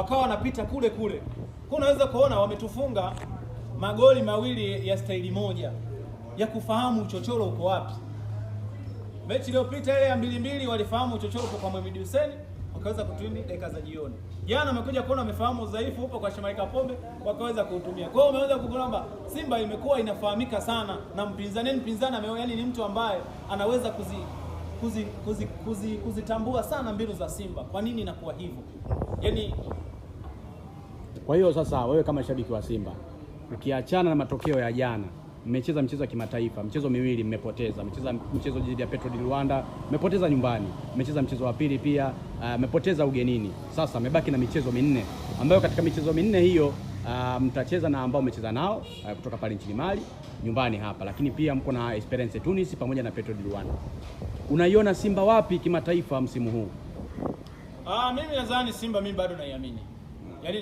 wakawa wanapita kule kule. Kwa unaweza kuona wametufunga magoli mawili ya staili moja ya kufahamu uchochoro uko wapi. Mechi iliyopita ile ya mbili mbili walifahamu uchochoro uko kwa Mohamed Hussein, wakaweza kutumia dakika za jioni. Jana wamekuja kuona wamefahamu udhaifu upo kwa Shamaika Pombe, wakaweza kuutumia. Kwa hiyo umeweza kuona Simba imekuwa inafahamika sana na mpinzani, mpinzani ame yani ni mtu ambaye anaweza kuzi kuzitambua kuzi, kuzitambua kuzi sana mbinu za Simba. Kwa nini inakuwa hivyo? Yaani kwa hiyo sasa, wewe kama shabiki wa Simba, ukiachana na matokeo ya jana, mmecheza mchezo wa kimataifa, michezo miwili mmepoteza. Mmecheza mchezo dhidi ya Petro di Luanda, mmepoteza nyumbani, mmecheza mchezo wa pili pia uh, mmepoteza uh, ugenini. Sasa mmebaki na michezo minne, ambayo katika michezo minne hiyo Uh, mtacheza na ambao mmecheza nao uh, kutoka pale nchini Mali nyumbani hapa, lakini pia mko na Esperance Tunis pamoja na Petro di Luanda. Unaiona Simba wapi kimataifa msimu huu? Ah, mimi nadhani Simba mimi bado naiamini. Yaani